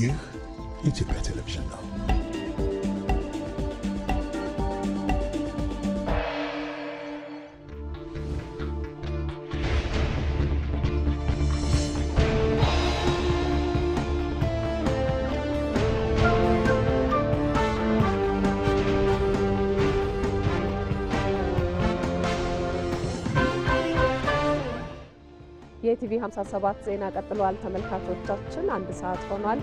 ይህ የኢትዮጵያ ቴሌቪዥን ነው። የኢቲቪ 57 ዜና ቀጥሏል። ተመልካቾቻችን አንድ ሰዓት ሆኗል።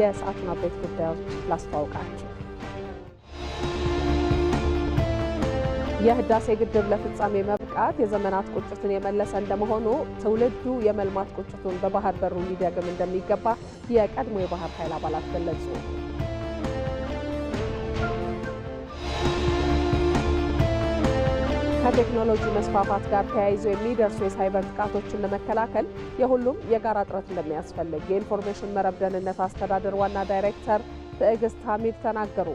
የሰዓቱን አበይት ጉዳዮች ላስተዋውቃችሁ። የህዳሴ ግድብ ለፍጻሜ መብቃት የዘመናት ቁጭትን የመለሰ እንደመሆኑ ትውልዱ የመልማት ቁጭቱን በባህር በሩ ሊደግም እንደሚገባ የቀድሞ የባህር ኃይል አባላት ገለጹ። ከቴክኖሎጂ መስፋፋት ጋር ተያይዞ የሚደርሱ የሳይበር ጥቃቶችን ለመከላከል የሁሉም የጋራ ጥረት እንደሚያስፈልግ የኢንፎርሜሽን መረብ ደህንነት አስተዳደር ዋና ዳይሬክተር ትዕግስት ሐሚድ ተናገሩ።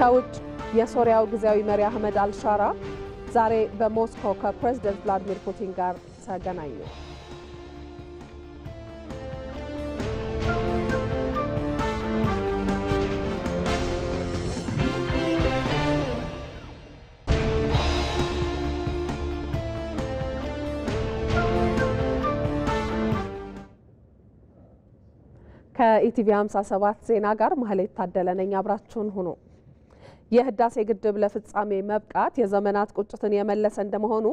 ከውጭ የሶሪያው ጊዜያዊ መሪ አህመድ አልሻራ ዛሬ በሞስኮ ከፕሬዝደንት ቭላዲሚር ፑቲን ጋር ተገናኙ። ከኢቲቪ 57 ዜና ጋር ማህሌት ታደለ ነኝ። አብራችሁን ሁኑ። የህዳሴ ግድብ ለፍጻሜ መብቃት የዘመናት ቁጭትን የመለሰ እንደመሆኑ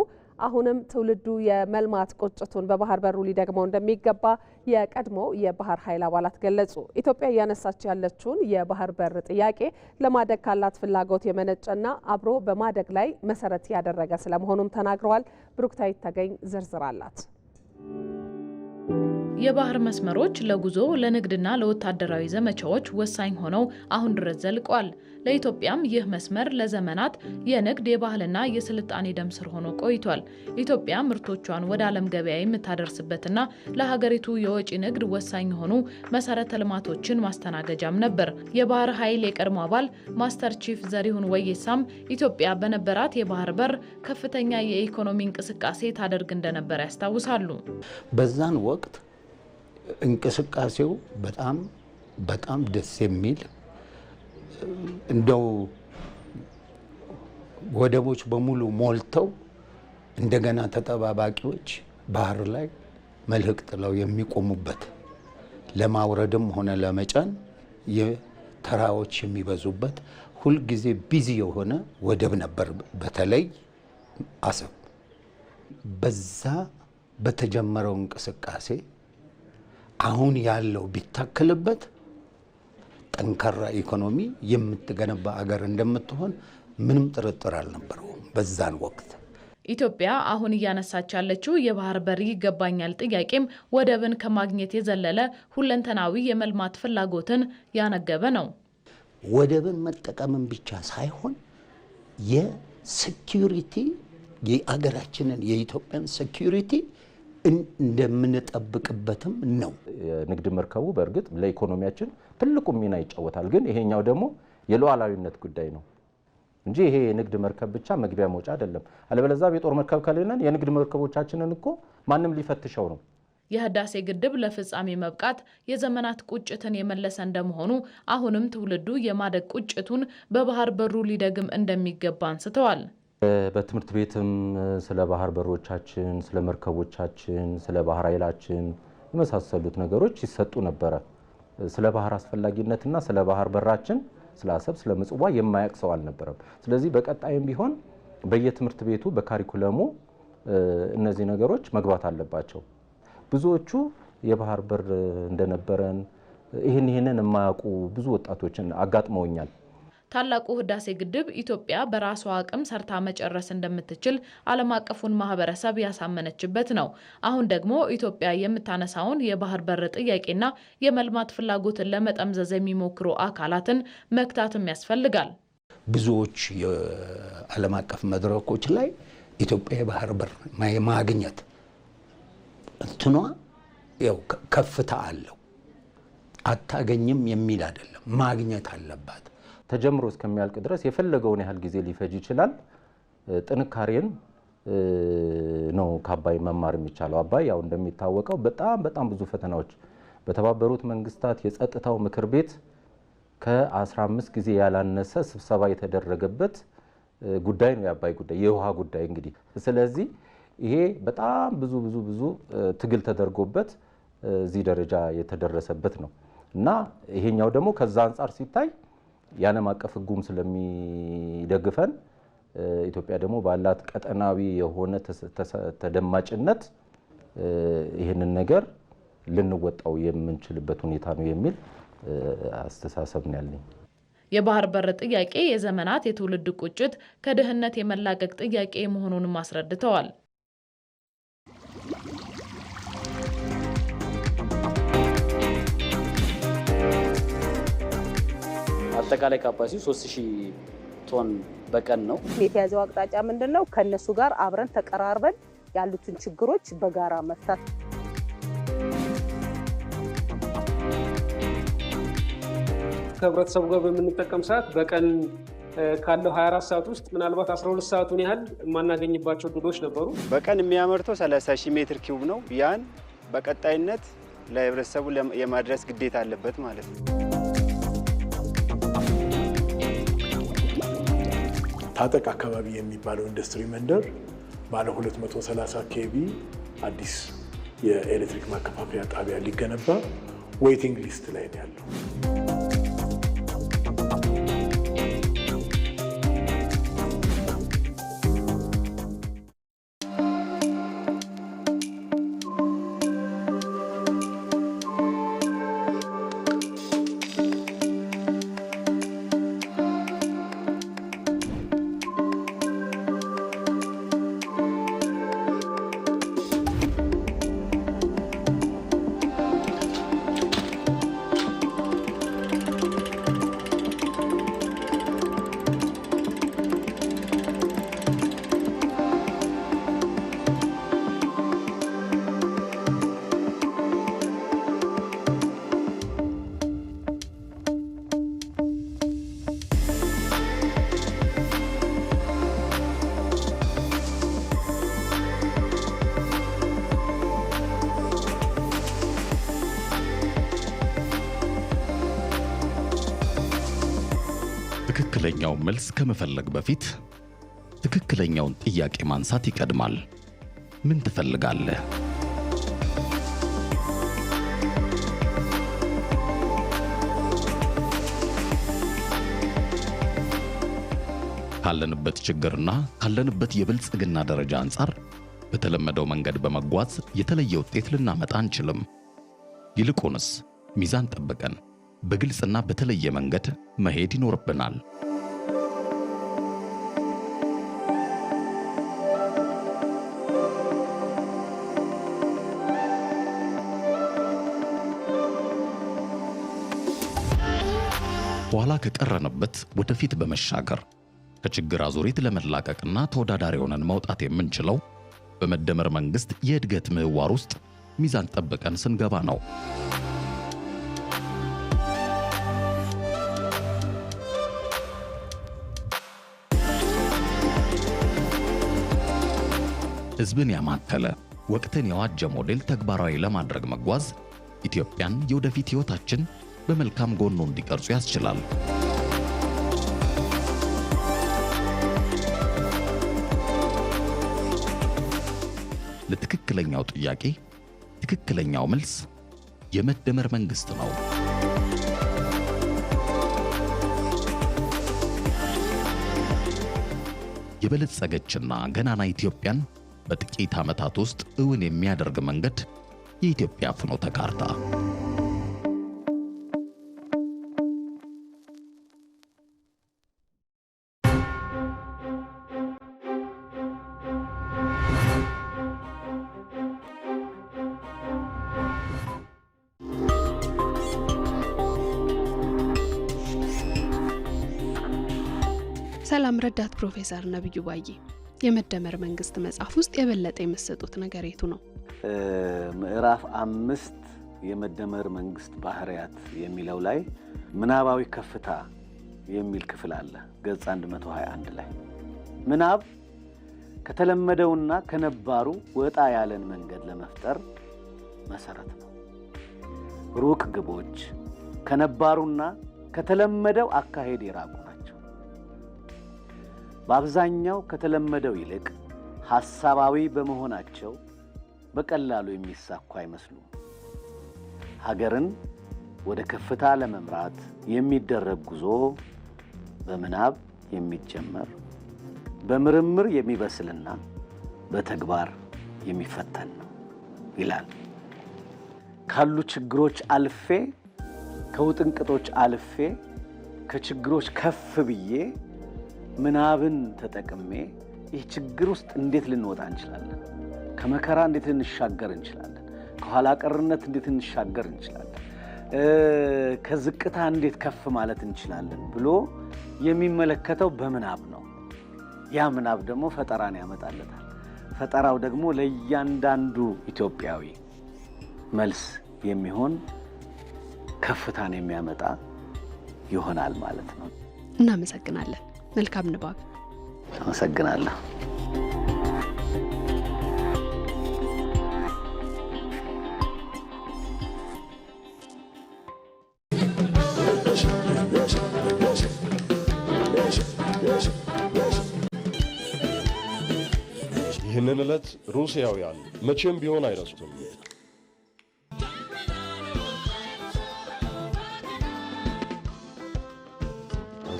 አሁንም ትውልዱ የመልማት ቁጭቱን በባህር በሩ ሊደግመው እንደሚገባ የቀድሞ የባህር ኃይል አባላት ገለጹ። ኢትዮጵያ እያነሳች ያለችውን የባህር በር ጥያቄ ለማደግ ካላት ፍላጎት የመነጨና አብሮ በማደግ ላይ መሰረት ያደረገ ስለመሆኑም ተናግረዋል። ብሩክታዊት ተገኝ ዝርዝር አላት። የባህር መስመሮች ለጉዞ ለንግድና ለወታደራዊ ዘመቻዎች ወሳኝ ሆነው አሁን ድረስ ዘልቀዋል። ለኢትዮጵያም ይህ መስመር ለዘመናት የንግድ የባህልና የስልጣኔ ደም ስር ሆኖ ቆይቷል። ኢትዮጵያ ምርቶቿን ወደ ዓለም ገበያ የምታደርስበትና ለሀገሪቱ የወጪ ንግድ ወሳኝ የሆኑ መሰረተ ልማቶችን ማስተናገጃም ነበር። የባህር ኃይል የቀድሞ አባል ማስተር ቺፍ ዘሪሁን ወይሳም ኢትዮጵያ በነበራት የባህር በር ከፍተኛ የኢኮኖሚ እንቅስቃሴ ታደርግ እንደነበር ያስታውሳሉ። በዛን ወቅት እንቅስቃሴው በጣም በጣም ደስ የሚል እንደው ወደቦች በሙሉ ሞልተው እንደገና ተጠባባቂዎች ባህር ላይ መልህቅ ጥለው የሚቆሙበት ለማውረድም ሆነ ለመጫን ተራዎች የሚበዙበት ሁልጊዜ ቢዚ የሆነ ወደብ ነበር። በተለይ አሰብ በዛ በተጀመረው እንቅስቃሴ አሁን ያለው ቢታከልበት ጠንካራ ኢኮኖሚ የምትገነባ አገር እንደምትሆን ምንም ጥርጥር አልነበረውም በዛን ወቅት። ኢትዮጵያ አሁን እያነሳች ያለችው የባህር በር ይገባኛል ጥያቄም ወደብን ከማግኘት የዘለለ ሁለንተናዊ የመልማት ፍላጎትን ያነገበ ነው። ወደብን መጠቀምን ብቻ ሳይሆን የሴኪሪቲ የአገራችንን የኢትዮጵያን ሴኪሪቲ እንደምንጠብቅበትም ነው። የንግድ መርከቡ በእርግጥ ለኢኮኖሚያችን ትልቁ ሚና ይጫወታል። ግን ይሄኛው ደግሞ የሉዓላዊነት ጉዳይ ነው እንጂ ይሄ የንግድ መርከብ ብቻ መግቢያ መውጫ አይደለም። አለበለዚያ የጦር መርከብ ከሌለን የንግድ መርከቦቻችንን እኮ ማንም ሊፈትሸው ነው። የህዳሴ ግድብ ለፍጻሜ መብቃት የዘመናት ቁጭትን የመለሰ እንደመሆኑ አሁንም ትውልዱ የማደግ ቁጭቱን በባህር በሩ ሊደግም እንደሚገባ አንስተዋል። በትምህርት ቤትም ስለ ባህር በሮቻችን፣ ስለ መርከቦቻችን፣ ስለ ባህር ኃይላችን የመሳሰሉት ነገሮች ይሰጡ ነበረ። ስለ ባህር አስፈላጊነትና ስለ ባህር በራችን፣ ስለ አሰብ፣ ስለ ምጽዋ የማያውቅ ሰው አልነበረም። ስለዚህ በቀጣይም ቢሆን በየትምህርት ቤቱ በካሪኩለሙ እነዚህ ነገሮች መግባት አለባቸው። ብዙዎቹ የባህር በር እንደነበረን ይህን ይህንን የማያውቁ ብዙ ወጣቶችን አጋጥመውኛል። ታላቁ ህዳሴ ግድብ ኢትዮጵያ በራሷ አቅም ሰርታ መጨረስ እንደምትችል ዓለም አቀፉን ማህበረሰብ ያሳመነችበት ነው። አሁን ደግሞ ኢትዮጵያ የምታነሳውን የባህር በር ጥያቄና የመልማት ፍላጎትን ለመጠምዘዝ የሚሞክሩ አካላትን መክታትም ያስፈልጋል። ብዙዎች የዓለም አቀፍ መድረኮች ላይ ኢትዮጵያ የባህር በር ማግኘት እንትኗ ያው ከፍታ አለው አታገኝም የሚል አይደለም፣ ማግኘት አለባት። ተጀምሮ እስከሚያልቅ ድረስ የፈለገውን ያህል ጊዜ ሊፈጅ ይችላል። ጥንካሬን ነው ከአባይ መማር የሚቻለው። አባይ ያው እንደሚታወቀው በጣም በጣም ብዙ ፈተናዎች በተባበሩት መንግስታት የጸጥታው ምክር ቤት ከ15 ጊዜ ያላነሰ ስብሰባ የተደረገበት ጉዳይ ነው የአባይ ጉዳይ የውሃ ጉዳይ እንግዲህ። ስለዚህ ይሄ በጣም ብዙ ብዙ ብዙ ትግል ተደርጎበት እዚህ ደረጃ የተደረሰበት ነው እና ይሄኛው ደግሞ ከዛ አንጻር ሲታይ የዓለም አቀፍ ሕጉም ስለሚደግፈን ኢትዮጵያ ደግሞ ባላት ቀጠናዊ የሆነ ተደማጭነት ይህንን ነገር ልንወጣው የምንችልበት ሁኔታ ነው የሚል አስተሳሰብ ነው ያለኝ። የባህር በር ጥያቄ የዘመናት የትውልድ ቁጭት ከድህነት የመላቀቅ ጥያቄ መሆኑንም አስረድተዋል። አጠቃላይ ካፓሲቲ 3000 ቶን በቀን ነው። የተያዘው አቅጣጫ ምንድን ነው? ከእነሱ ጋር አብረን ተቀራርበን ያሉትን ችግሮች በጋራ መፍታት ከህብረተሰቡ ጋር በምንጠቀም ሰዓት በቀን ካለው 24 ሰዓት ውስጥ ምናልባት 12 ሰዓቱን ያህል የማናገኝባቸው ድሎች ነበሩ። በቀን የሚያመርተው 30 ሺህ ሜትር ኪዩብ ነው። ያን በቀጣይነት ለህብረተሰቡ የማድረስ ግዴታ አለበት ማለት ነው። ታጠቅ አካባቢ የሚባለው ኢንዱስትሪ መንደር ባለ 230 ኬቪ አዲስ የኤሌክትሪክ ማከፋፈያ ጣቢያ ሊገነባ ዌይቲንግ ሊስት ላይ ነው ያለው። ትክክለኛውን መልስ ከመፈለግ በፊት ትክክለኛውን ጥያቄ ማንሳት ይቀድማል። ምን ትፈልጋለህ? ካለንበት ችግርና ካለንበት የብልጽግና ደረጃ አንጻር በተለመደው መንገድ በመጓዝ የተለየ ውጤት ልናመጣ አንችልም። ይልቁንስ ሚዛን ጠብቀን በግልጽና በተለየ መንገድ መሄድ ይኖርብናል። በኋላ ከቀረንበት ወደፊት በመሻገር ከችግር አዙሪት ለመላቀቅና ተወዳዳሪ ሆነን መውጣት የምንችለው በመደመር መንግስት የእድገት ምህዋር ውስጥ ሚዛን ጠብቀን ስንገባ ነው። ህዝብን ያማከለ ወቅትን የዋጀ ሞዴል ተግባራዊ ለማድረግ መጓዝ ኢትዮጵያን የወደፊት ህይወታችን በመልካም ጎኑ እንዲቀርጹ ያስችላል። ለትክክለኛው ጥያቄ ትክክለኛው መልስ የመደመር መንግስት ነው። የበለጸገችና ገናና ኢትዮጵያን በጥቂት ዓመታት ውስጥ እውን የሚያደርግ መንገድ የኢትዮጵያ ፍኖተ ካርታ የምወዳት ፕሮፌሰር ነብዩ ባዬ የመደመር መንግስት መጽሐፍ ውስጥ የበለጠ የምሰጡት ነገር የቱ ነው? ምዕራፍ አምስት የመደመር መንግስት ባህርያት የሚለው ላይ ምናባዊ ከፍታ የሚል ክፍል አለ። ገጽ 121 ላይ ምናብ ከተለመደውና ከነባሩ ወጣ ያለን መንገድ ለመፍጠር መሰረት ነው። ሩቅ ግቦች ከነባሩና ከተለመደው አካሄድ የራቁ በአብዛኛው ከተለመደው ይልቅ ሐሳባዊ በመሆናቸው በቀላሉ የሚሳኩ አይመስሉም። ሀገርን ወደ ከፍታ ለመምራት የሚደረግ ጉዞ በምናብ የሚጀመር በምርምር የሚበስልና በተግባር የሚፈተን ነው ይላል። ካሉ ችግሮች አልፌ ከውጥንቅጦች አልፌ ከችግሮች ከፍ ብዬ ምናብን ተጠቅሜ ይህ ችግር ውስጥ እንዴት ልንወጣ እንችላለን? ከመከራ እንዴት ልንሻገር እንችላለን? ከኋላ ቀርነት እንዴት ልንሻገር እንችላለን? ከዝቅታ እንዴት ከፍ ማለት እንችላለን ብሎ የሚመለከተው በምናብ ነው። ያ ምናብ ደግሞ ፈጠራን ያመጣለታል። ፈጠራው ደግሞ ለእያንዳንዱ ኢትዮጵያዊ መልስ የሚሆን ከፍታን የሚያመጣ ይሆናል ማለት ነው። እናመሰግናለን። መልካም ንባብ። አመሰግናለሁ። ይህንን ዕለት ሩሲያውያን መቼም ቢሆን አይረሱትም።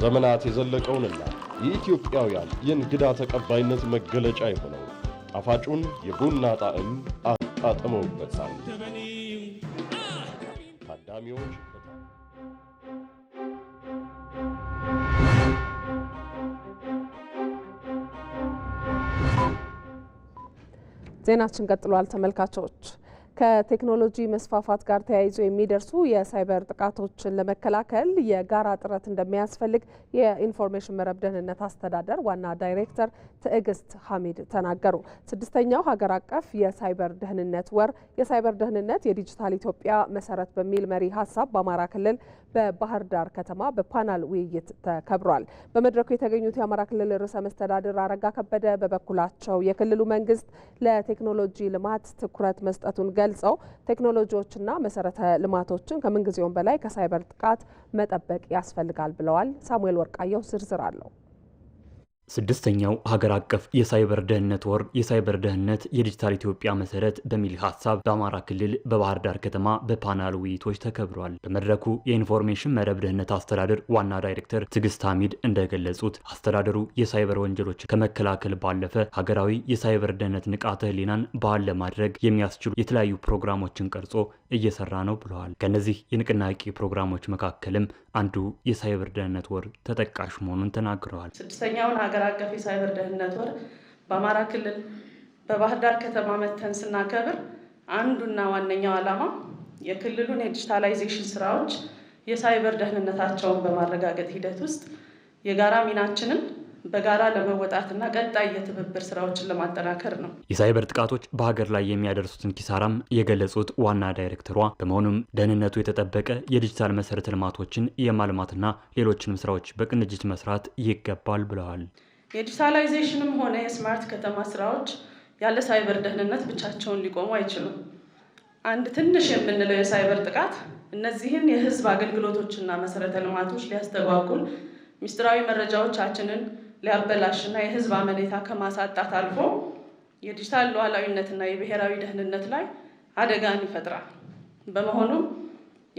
ለዘመናት የዘለቀውንና የኢትዮጵያውያን የእንግዳ ተቀባይነት መገለጫ የሆነው ጣፋጩን የቡና ጣዕም አጣጥመውበታል። ታዳሚዎች ዜናችን ቀጥሏል ተመልካቾች። ከቴክኖሎጂ መስፋፋት ጋር ተያይዞ የሚደርሱ የሳይበር ጥቃቶችን ለመከላከል የጋራ ጥረት እንደሚያስፈልግ የኢንፎርሜሽን መረብ ደህንነት አስተዳደር ዋና ዳይሬክተር ትዕግስት ሐሚድ ተናገሩ። ስድስተኛው ሀገር አቀፍ የሳይበር ደህንነት ወር የሳይበር ደህንነት የዲጂታል ኢትዮጵያ መሰረት በሚል መሪ ሀሳብ በአማራ ክልል በባህር ዳር ከተማ በፓናል ውይይት ተከብሯል። በመድረኩ የተገኙት የአማራ ክልል ርዕሰ መስተዳድር አረጋ ከበደ በበኩላቸው የክልሉ መንግስት ለቴክኖሎጂ ልማት ትኩረት መስጠቱን ገልጸው ቴክኖሎጂዎችና መሰረተ ልማቶችን ከምንጊዜውም በላይ ከሳይበር ጥቃት መጠበቅ ያስፈልጋል ብለዋል። ሳሙኤል ወርቃየው ዝርዝር አለው። ስድስተኛው ሀገር አቀፍ የሳይበር ደህንነት ወር የሳይበር ደህንነት የዲጂታል ኢትዮጵያ መሰረት በሚል ሀሳብ በአማራ ክልል በባህር ዳር ከተማ በፓናል ውይይቶች ተከብሯል። በመድረኩ የኢንፎርሜሽን መረብ ደህንነት አስተዳደር ዋና ዳይሬክተር ትዕግስት ሐሚድ እንደገለጹት አስተዳደሩ የሳይበር ወንጀሎች ከመከላከል ባለፈ ሀገራዊ የሳይበር ደህንነት ንቃተ ህሊናን ባህል ለማድረግ የሚያስችሉ የተለያዩ ፕሮግራሞችን ቀርጾ እየሰራ ነው ብለዋል። ከእነዚህ የንቅናቄ ፕሮግራሞች መካከልም አንዱ የሳይበር ደህንነት ወር ተጠቃሽ መሆኑን ተናግረዋል። ስድስተኛውን ሀገር አቀፍ የሳይበር ደህንነት ወር በአማራ ክልል በባህር ዳር ከተማ መተን ስናከብር አንዱና ዋነኛው ዓላማ የክልሉን የዲጂታላይዜሽን ስራዎች የሳይበር ደህንነታቸውን በማረጋገጥ ሂደት ውስጥ የጋራ ሚናችንን በጋራ ለመወጣትና ቀጣይ የትብብር ስራዎችን ለማጠናከር ነው። የሳይበር ጥቃቶች በሀገር ላይ የሚያደርሱትን ኪሳራም የገለጹት ዋና ዳይሬክተሯ፣ በመሆኑም ደህንነቱ የተጠበቀ የዲጂታል መሰረተ ልማቶችን የማልማትና ሌሎችንም ስራዎች በቅንጅት መስራት ይገባል ብለዋል። የዲጂታላይዜሽንም ሆነ የስማርት ከተማ ስራዎች ያለ ሳይበር ደህንነት ብቻቸውን ሊቆሙ አይችሉም። አንድ ትንሽ የምንለው የሳይበር ጥቃት እነዚህን የህዝብ አገልግሎቶችና መሰረተ ልማቶች ሊያስተጓጉል ሚስጥራዊ መረጃዎቻችንን ሊያበላሽና የህዝብ አመኔታ ከማሳጣት አልፎ የዲጂታል ሉዓላዊነትና የብሔራዊ ደህንነት ላይ አደጋን ይፈጥራል። በመሆኑም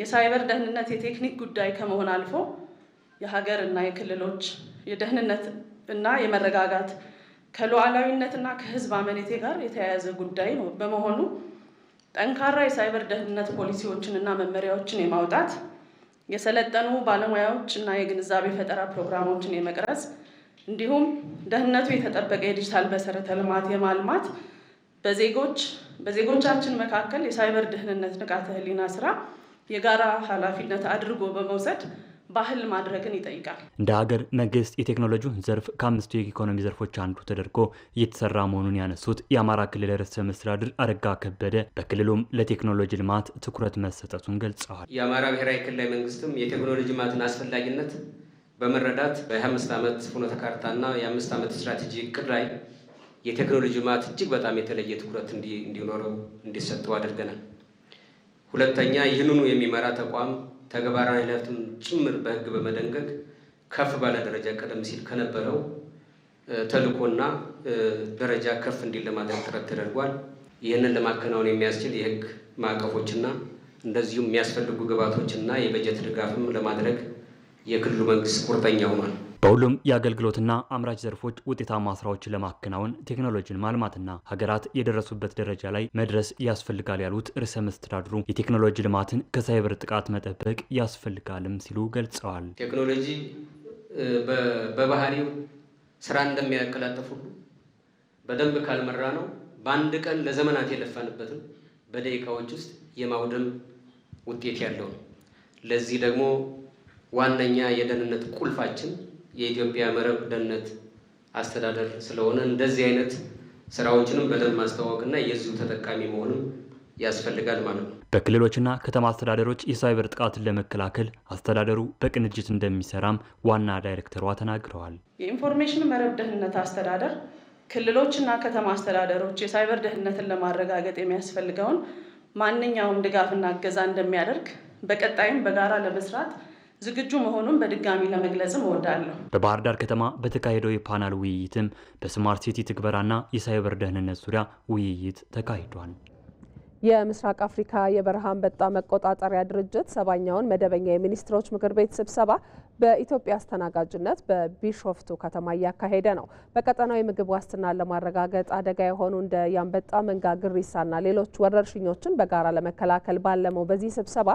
የሳይበር ደህንነት የቴክኒክ ጉዳይ ከመሆን አልፎ የሀገር እና የክልሎች የደህንነት እና የመረጋጋት ከሉዓላዊነትና ከህዝብ አመኔቴ ጋር የተያያዘ ጉዳይ ነው። በመሆኑ ጠንካራ የሳይበር ደህንነት ፖሊሲዎችንና መመሪያዎችን የማውጣት የሰለጠኑ ባለሙያዎች እና የግንዛቤ ፈጠራ ፕሮግራሞችን የመቅረጽ እንዲሁም ደህንነቱ የተጠበቀ የዲጂታል መሰረተ ልማት የማልማት በዜጎች በዜጎቻችን መካከል የሳይበር ደህንነት ንቃተ ህሊና ስራ የጋራ ኃላፊነት አድርጎ በመውሰድ ባህል ማድረግን ይጠይቃል። እንደ ሀገር መንግስት የቴክኖሎጂውን ዘርፍ ከአምስቱ የኢኮኖሚ ዘርፎች አንዱ ተደርጎ እየተሰራ መሆኑን ያነሱት የአማራ ክልል ርዕሰ መስተዳድር አረጋ ከበደ በክልሉም ለቴክኖሎጂ ልማት ትኩረት መሰጠቱን ገልጸዋል። የአማራ ብሔራዊ ክልላዊ መንግስትም የቴክኖሎጂ ልማትን አስፈላጊነት በመረዳት በ25 ዓመት ፍኖተ ካርታና የአምስት ዓመት ስትራቴጂ እቅድ ላይ የቴክኖሎጂ ልማት እጅግ በጣም የተለየ ትኩረት እንዲኖረው እንዲሰጠው አድርገናል። ሁለተኛ ይህንኑ የሚመራ ተቋም ተግባራዊነቱን ጭምር በሕግ በመደንገግ ከፍ ባለ ደረጃ ቀደም ሲል ከነበረው ተልእኮና ደረጃ ከፍ እንዲል ለማድረግ ጥረት ተደርጓል። ይህንን ለማከናወን የሚያስችል የሕግ ማዕቀፎችና እንደዚሁም የሚያስፈልጉ ግብዓቶችና የበጀት ድጋፍም ለማድረግ የክልሉ መንግስት ቁርጠኛ ሆኗል። በሁሉም የአገልግሎትና አምራች ዘርፎች ውጤታማ ስራዎችን ለማከናወን ቴክኖሎጂን ማልማትና ሀገራት የደረሱበት ደረጃ ላይ መድረስ ያስፈልጋል ያሉት ርዕሰ መስተዳድሩ የቴክኖሎጂ ልማትን ከሳይበር ጥቃት መጠበቅ ያስፈልጋልም ሲሉ ገልጸዋል። ቴክኖሎጂ በባህሪው ስራ እንደሚያቀላጥፍ ሁሉ በደንብ ካልመራ ነው በአንድ ቀን ለዘመናት የለፋንበትም በደቂቃዎች ውስጥ የማውደም ውጤት ያለው ነው። ለዚህ ደግሞ ዋነኛ የደህንነት ቁልፋችን የኢትዮጵያ መረብ ደህንነት አስተዳደር ስለሆነ እንደዚህ አይነት ስራዎችንም በደንብ ማስተዋወቅና የዚሁ ተጠቃሚ መሆንም ያስፈልጋል ማለት ነው። በክልሎችና ከተማ አስተዳደሮች የሳይበር ጥቃትን ለመከላከል አስተዳደሩ በቅንጅት እንደሚሰራም ዋና ዳይሬክተሯ ተናግረዋል። የኢንፎርሜሽን መረብ ደህንነት አስተዳደር ክልሎችና ከተማ አስተዳደሮች የሳይበር ደህንነትን ለማረጋገጥ የሚያስፈልገውን ማንኛውም ድጋፍና እገዛ እንደሚያደርግ በቀጣይም በጋራ ለመስራት ዝግጁ መሆኑን በድጋሚ ለመግለጽም እወዳለሁ። በባህር ዳር ከተማ በተካሄደው የፓናል ውይይትም በስማርት ሲቲ ትግበራና የሳይበር ደህንነት ዙሪያ ውይይት ተካሂዷል። የምስራቅ አፍሪካ የበረሃ አንበጣ መቆጣጠሪያ ድርጅት ሰባኛውን መደበኛ የሚኒስትሮች ምክር ቤት ስብሰባ በኢትዮጵያ አስተናጋጅነት በቢሾፍቱ ከተማ እያካሄደ ነው። በቀጠናው የምግብ ዋስትናን ለማረጋገጥ አደጋ የሆኑ እንደ የአንበጣ መንጋ ግሪሳና ሌሎች ወረርሽኞችን በጋራ ለመከላከል ባለመው በዚህ ስብሰባ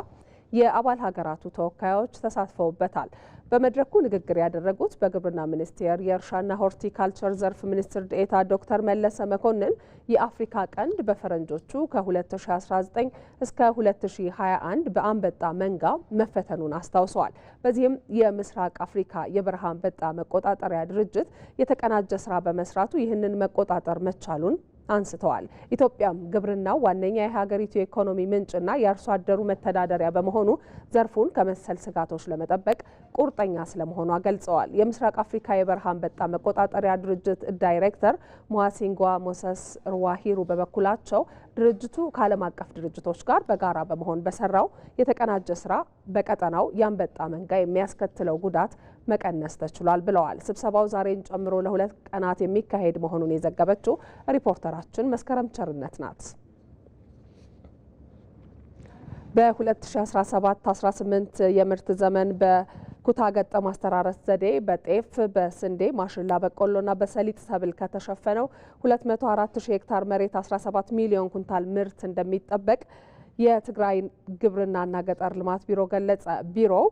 የአባል ሀገራቱ ተወካዮች ተሳትፈውበታል። በመድረኩ ንግግር ያደረጉት በግብርና ሚኒስቴር የእርሻና ሆርቲካልቸር ዘርፍ ሚኒስትር ዴኤታ ዶክተር መለሰ መኮንን የአፍሪካ ቀንድ በፈረንጆቹ ከ2019 እስከ 2021 በአንበጣ መንጋ መፈተኑን አስታውሰዋል። በዚህም የምስራቅ አፍሪካ የበረሃ አንበጣ መቆጣጠሪያ ድርጅት የተቀናጀ ስራ በመስራቱ ይህንን መቆጣጠር መቻሉን አንስተዋል። ኢትዮጵያም ግብርናው ዋነኛ የሀገሪቱ የኢኮኖሚ ምንጭና የአርሶ አደሩ መተዳደሪያ በመሆኑ ዘርፉን ከመሰል ስጋቶች ለመጠበቅ ቁርጠኛ ስለመሆኗ ገልጸዋል። የምስራቅ አፍሪካ የበረሃ አንበጣ መቆጣጠሪያ ድርጅት ዳይሬክተር ሙሃሲንጓ ሞሰስ ሩዋሂሩ በበኩላቸው ድርጅቱ ከዓለም አቀፍ ድርጅቶች ጋር በጋራ በመሆን በሰራው የተቀናጀ ስራ በቀጠናው የአንበጣ መንጋ የሚያስከትለው ጉዳት መቀነስ ተችሏል ብለዋል። ስብሰባው ዛሬን ጨምሮ ለሁለት ቀናት የሚካሄድ መሆኑን የዘገበችው ሪፖርተራችን መስከረም ቸርነት ናት። በ2017/18 የምርት ዘመን በ ኩታ ገጠም አስተራረስ ዘዴ በጤፍ፣ በስንዴ፣ ማሽላ፣ በቆሎና በሰሊጥ ሰብል ከተሸፈነው 240 ሄክታር መሬት 17 ሚሊዮን ኩንታል ምርት እንደሚጠበቅ የትግራይ ግብርናና ገጠር ልማት ቢሮ ገለጸ። ቢሮው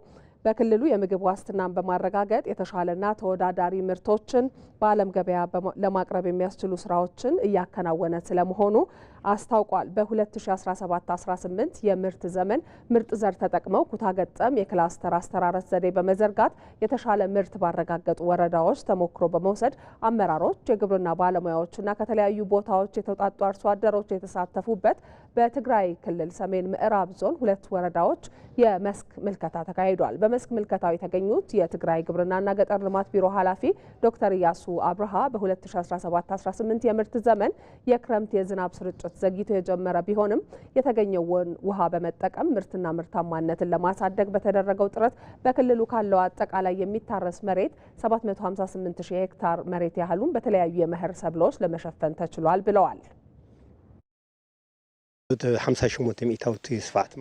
በክልሉ የምግብ ዋስትናን በማረጋገጥ የተሻለና ተወዳዳሪ ምርቶችን በዓለም ገበያ ለማቅረብ የሚያስችሉ ስራዎችን እያከናወነ ስለመሆኑ አስታውቋል። በ2017/18 የምርት ዘመን ምርጥ ዘር ተጠቅመው ኩታ ገጠም የክላስተር አስተራረስ ዘዴ በመዘርጋት የተሻለ ምርት ባረጋገጡ ወረዳዎች ተሞክሮ በመውሰድ አመራሮች፣ የግብርና ባለሙያዎችና ከተለያዩ ቦታዎች የተውጣጡ አርሶ አደሮች የተሳተፉበት በትግራይ ክልል ሰሜን ምዕራብ ዞን ሁለት ወረዳዎች የመስክ ምልከታ ተካሂዷል። በመስክ ምልከታው የተገኙት የትግራይ ግብርናና ገጠር ልማት ቢሮ ኃላፊ ዶክተር እያሱ አብርሃ በ2017/18 የምርት ዘመን የክረምት የዝናብ ስርጭት ስርጭት ዘግይቶ የጀመረ ቢሆንም የተገኘውን ውሃ በመጠቀም ምርትና ምርታማነትን ለማሳደግ በተደረገው ጥረት በክልሉ ካለው አጠቃላይ የሚታረስ መሬት 758 ሺህ ሄክታር መሬት ያህሉን በተለያዩ የመኸር ሰብሎች ለመሸፈን ተችሏል ብለዋል።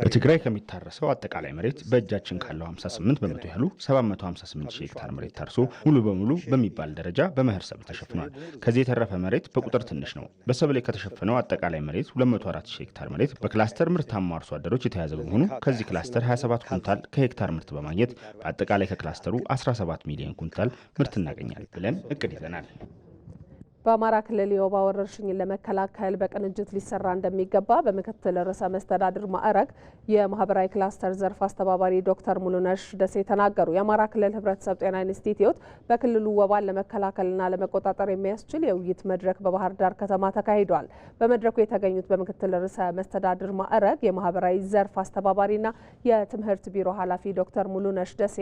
በትግራይ ከሚታረሰው አጠቃላይ መሬት በእጃችን ካለው 58 በመቶ ያህሉ 758 ሺህ ሄክታር መሬት ታርሶ ሙሉ በሙሉ በሚባል ደረጃ በመኸር ሰብል ተሸፍኗል። ከዚህ የተረፈ መሬት በቁጥር ትንሽ ነው። በሰብል ከተሸፈነው አጠቃላይ መሬት 204 ሺህ ሄክታር መሬት በክላስተር ምርታማ አርሶ አደሮች የተያዘ በመሆኑ ከዚህ ክላስተር 27 ኩንታል ከሄክታር ምርት በማግኘት በአጠቃላይ ከክላስተሩ 17 ሚሊዮን ኩንታል ምርት እናገኛል ብለን እቅድ ይዘናል። በአማራ ክልል የወባ ወረርሽኝን ለመከላከል በቅንጅት ሊሰራ እንደሚገባ በምክትል ርዕሰ መስተዳድር ማዕረግ የማህበራዊ ክላስተር ዘርፍ አስተባባሪ ዶክተር ሙሉነሽ ደሴ ተናገሩ። የአማራ ክልል ህብረተሰብ ጤና ኢንስቲትዩት በክልሉ ወባን ለመከላከልና ለመቆጣጠር የሚያስችል የውይይት መድረክ በባህር ዳር ከተማ ተካሂዷል። በመድረኩ የተገኙት በምክትል ርዕሰ መስተዳድር ማዕረግ የማህበራዊ ዘርፍ አስተባባሪና የትምህርት ቢሮ ኃላፊ ዶክተር ሙሉነሽ ደሴ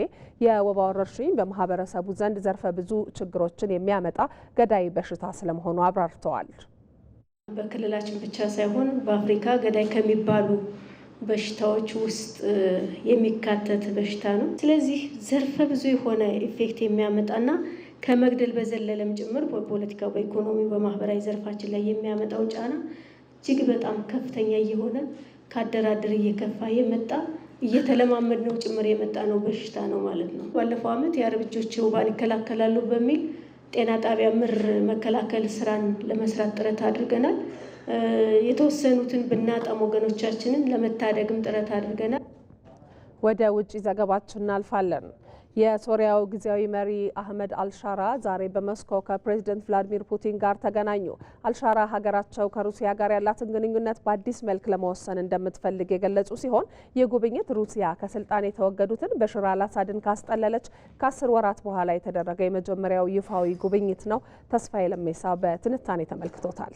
የወባ ወረርሽኝ በማህበረሰቡ ዘንድ ዘርፈ ብዙ ችግሮችን የሚያመጣ ገዳይ በሽታ ስለመሆኑ አብራርተዋል። በክልላችን ብቻ ሳይሆን በአፍሪካ ገዳይ ከሚባሉ በሽታዎች ውስጥ የሚካተት በሽታ ነው። ስለዚህ ዘርፈ ብዙ የሆነ ኢፌክት የሚያመጣና ከመግደል በዘለለም ጭምር በፖለቲካው፣ በኢኮኖሚ፣ በማህበራዊ ዘርፋችን ላይ የሚያመጣው ጫና እጅግ በጣም ከፍተኛ እየሆነ ካደራደር እየከፋ የመጣ እየተለማመድ ነው ጭምር የመጣ ነው በሽታ ነው ማለት ነው። ባለፈው ዓመት የአረብ እጆች ወባን ይከላከላሉ በሚል ጤና ጣቢያ ምር መከላከል ስራን ለመስራት ጥረት አድርገናል። የተወሰኑትን ብናጣም ወገኖቻችንን ለመታደግም ጥረት አድርገናል። ወደ ውጭ ዘገባችን እናልፋለን። የሶሪያው ጊዜያዊ መሪ አህመድ አልሻራ ዛሬ በሞስኮ ከፕሬዚደንት ቭላዲሚር ፑቲን ጋር ተገናኙ። አልሻራ ሀገራቸው ከሩሲያ ጋር ያላትን ግንኙነት በአዲስ መልክ ለመወሰን እንደምትፈልግ የገለጹ ሲሆን ይህ ጉብኝት ሩሲያ ከስልጣን የተወገዱትን በሽር አላሳድን ካስጠለለች ከአስር ወራት በኋላ የተደረገ የመጀመሪያው ይፋዊ ጉብኝት ነው። ተስፋዬ ለሜሳ በትንታኔ ተመልክቶታል።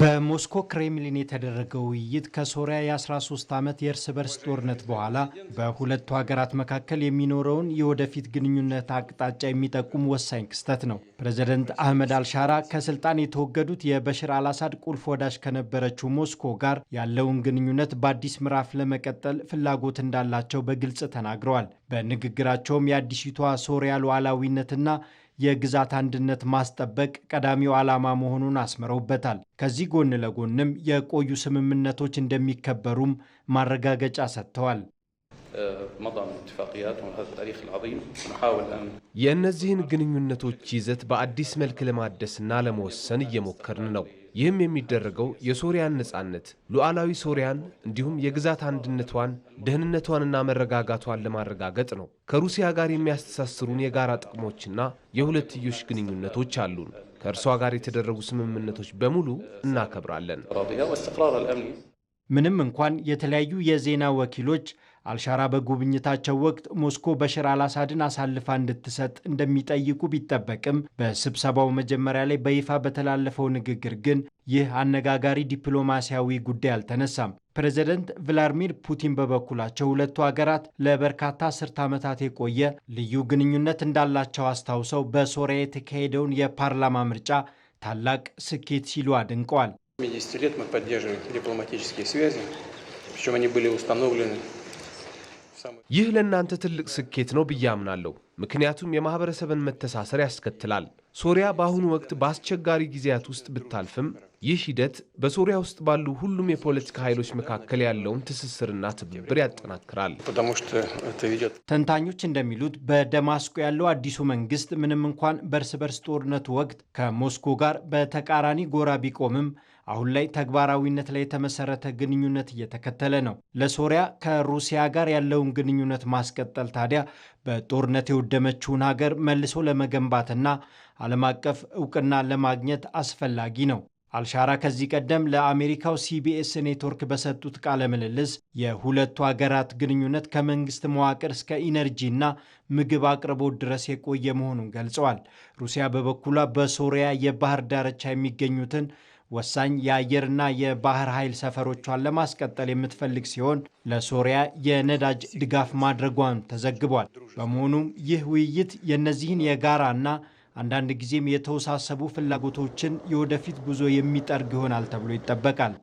በሞስኮ ክሬምሊን የተደረገው ውይይት ከሶሪያ የ13 ዓመት የእርስ በርስ ጦርነት በኋላ በሁለቱ ሀገራት መካከል የሚኖረውን የወደፊት ግንኙነት አቅጣጫ የሚጠቁም ወሳኝ ክስተት ነው። ፕሬዚደንት አህመድ አልሻራ ከስልጣን የተወገዱት የበሽር አልአሳድ ቁልፍ ወዳጅ ከነበረችው ሞስኮ ጋር ያለውን ግንኙነት በአዲስ ምዕራፍ ለመቀጠል ፍላጎት እንዳላቸው በግልጽ ተናግረዋል። በንግግራቸውም የአዲሲቷ ሶሪያ ሉዓላዊነትና የግዛት አንድነት ማስጠበቅ ቀዳሚው ዓላማ መሆኑን አስምረውበታል። ከዚህ ጎን ለጎንም የቆዩ ስምምነቶች እንደሚከበሩም ማረጋገጫ ሰጥተዋል። መጣ اتفاقيات وهذا التاريخ العظيم نحاول الان የእነዚህን ግንኙነቶች ይዘት በአዲስ መልክ ለማደስና ለመወሰን እየሞከርን ነው። ይህም የሚደረገው የሶሪያን ነጻነት፣ ሉዓላዊ ሶሪያን እንዲሁም የግዛት አንድነቷን ደህንነቷንና መረጋጋቷን ለማረጋገጥ ነው። ከሩሲያ ጋር የሚያስተሳስሩን የጋራ ጥቅሞችና የሁለትዮሽ ግንኙነቶች አሉን። ከእርሷ ጋር የተደረጉ ስምምነቶች በሙሉ እናከብራለን። ምንም እንኳን የተለያዩ የዜና ወኪሎች አልሻራ በጉብኝታቸው ወቅት ሞስኮ በሽር አላሳድን አሳልፋ እንድትሰጥ እንደሚጠይቁ ቢጠበቅም በስብሰባው መጀመሪያ ላይ በይፋ በተላለፈው ንግግር ግን ይህ አነጋጋሪ ዲፕሎማሲያዊ ጉዳይ አልተነሳም። ፕሬዚደንት ቭላድሚር ፑቲን በበኩላቸው ሁለቱ ሀገራት ለበርካታ አስርት ዓመታት የቆየ ልዩ ግንኙነት እንዳላቸው አስታውሰው በሶሪያ የተካሄደውን የፓርላማ ምርጫ ታላቅ ስኬት ሲሉ አድንቀዋል። ይህ ለእናንተ ትልቅ ስኬት ነው ብዬ አምናለሁ። ምክንያቱም የማህበረሰብን መተሳሰር ያስከትላል። ሶሪያ በአሁኑ ወቅት በአስቸጋሪ ጊዜያት ውስጥ ብታልፍም ይህ ሂደት በሶሪያ ውስጥ ባሉ ሁሉም የፖለቲካ ኃይሎች መካከል ያለውን ትስስርና ትብብር ያጠናክራል። ተንታኞች እንደሚሉት በደማስቆ ያለው አዲሱ መንግስት ምንም እንኳን በእርስ በርስ ጦርነቱ ወቅት ከሞስኮ ጋር በተቃራኒ ጎራ ቢቆምም አሁን ላይ ተግባራዊነት ላይ የተመሰረተ ግንኙነት እየተከተለ ነው። ለሶሪያ ከሩሲያ ጋር ያለውን ግንኙነት ማስቀጠል ታዲያ በጦርነት የወደመችውን ሀገር መልሶ ለመገንባትና ዓለም አቀፍ እውቅና ለማግኘት አስፈላጊ ነው። አልሻራ ከዚህ ቀደም ለአሜሪካው ሲቢኤስ ኔትወርክ በሰጡት ቃለ ምልልስ የሁለቱ አገራት ግንኙነት ከመንግስት መዋቅር እስከ ኢነርጂና ምግብ አቅርቦት ድረስ የቆየ መሆኑን ገልጸዋል። ሩሲያ በበኩሏ በሶሪያ የባህር ዳርቻ የሚገኙትን ወሳኝ የአየርና የባህር ኃይል ሰፈሮቿን ለማስቀጠል የምትፈልግ ሲሆን ለሶሪያ የነዳጅ ድጋፍ ማድረጓን ተዘግቧል። በመሆኑም ይህ ውይይት የእነዚህን የጋራና አንዳንድ ጊዜም የተወሳሰቡ ፍላጎቶችን የወደፊት ጉዞ የሚጠርግ ይሆናል ተብሎ ይጠበቃል።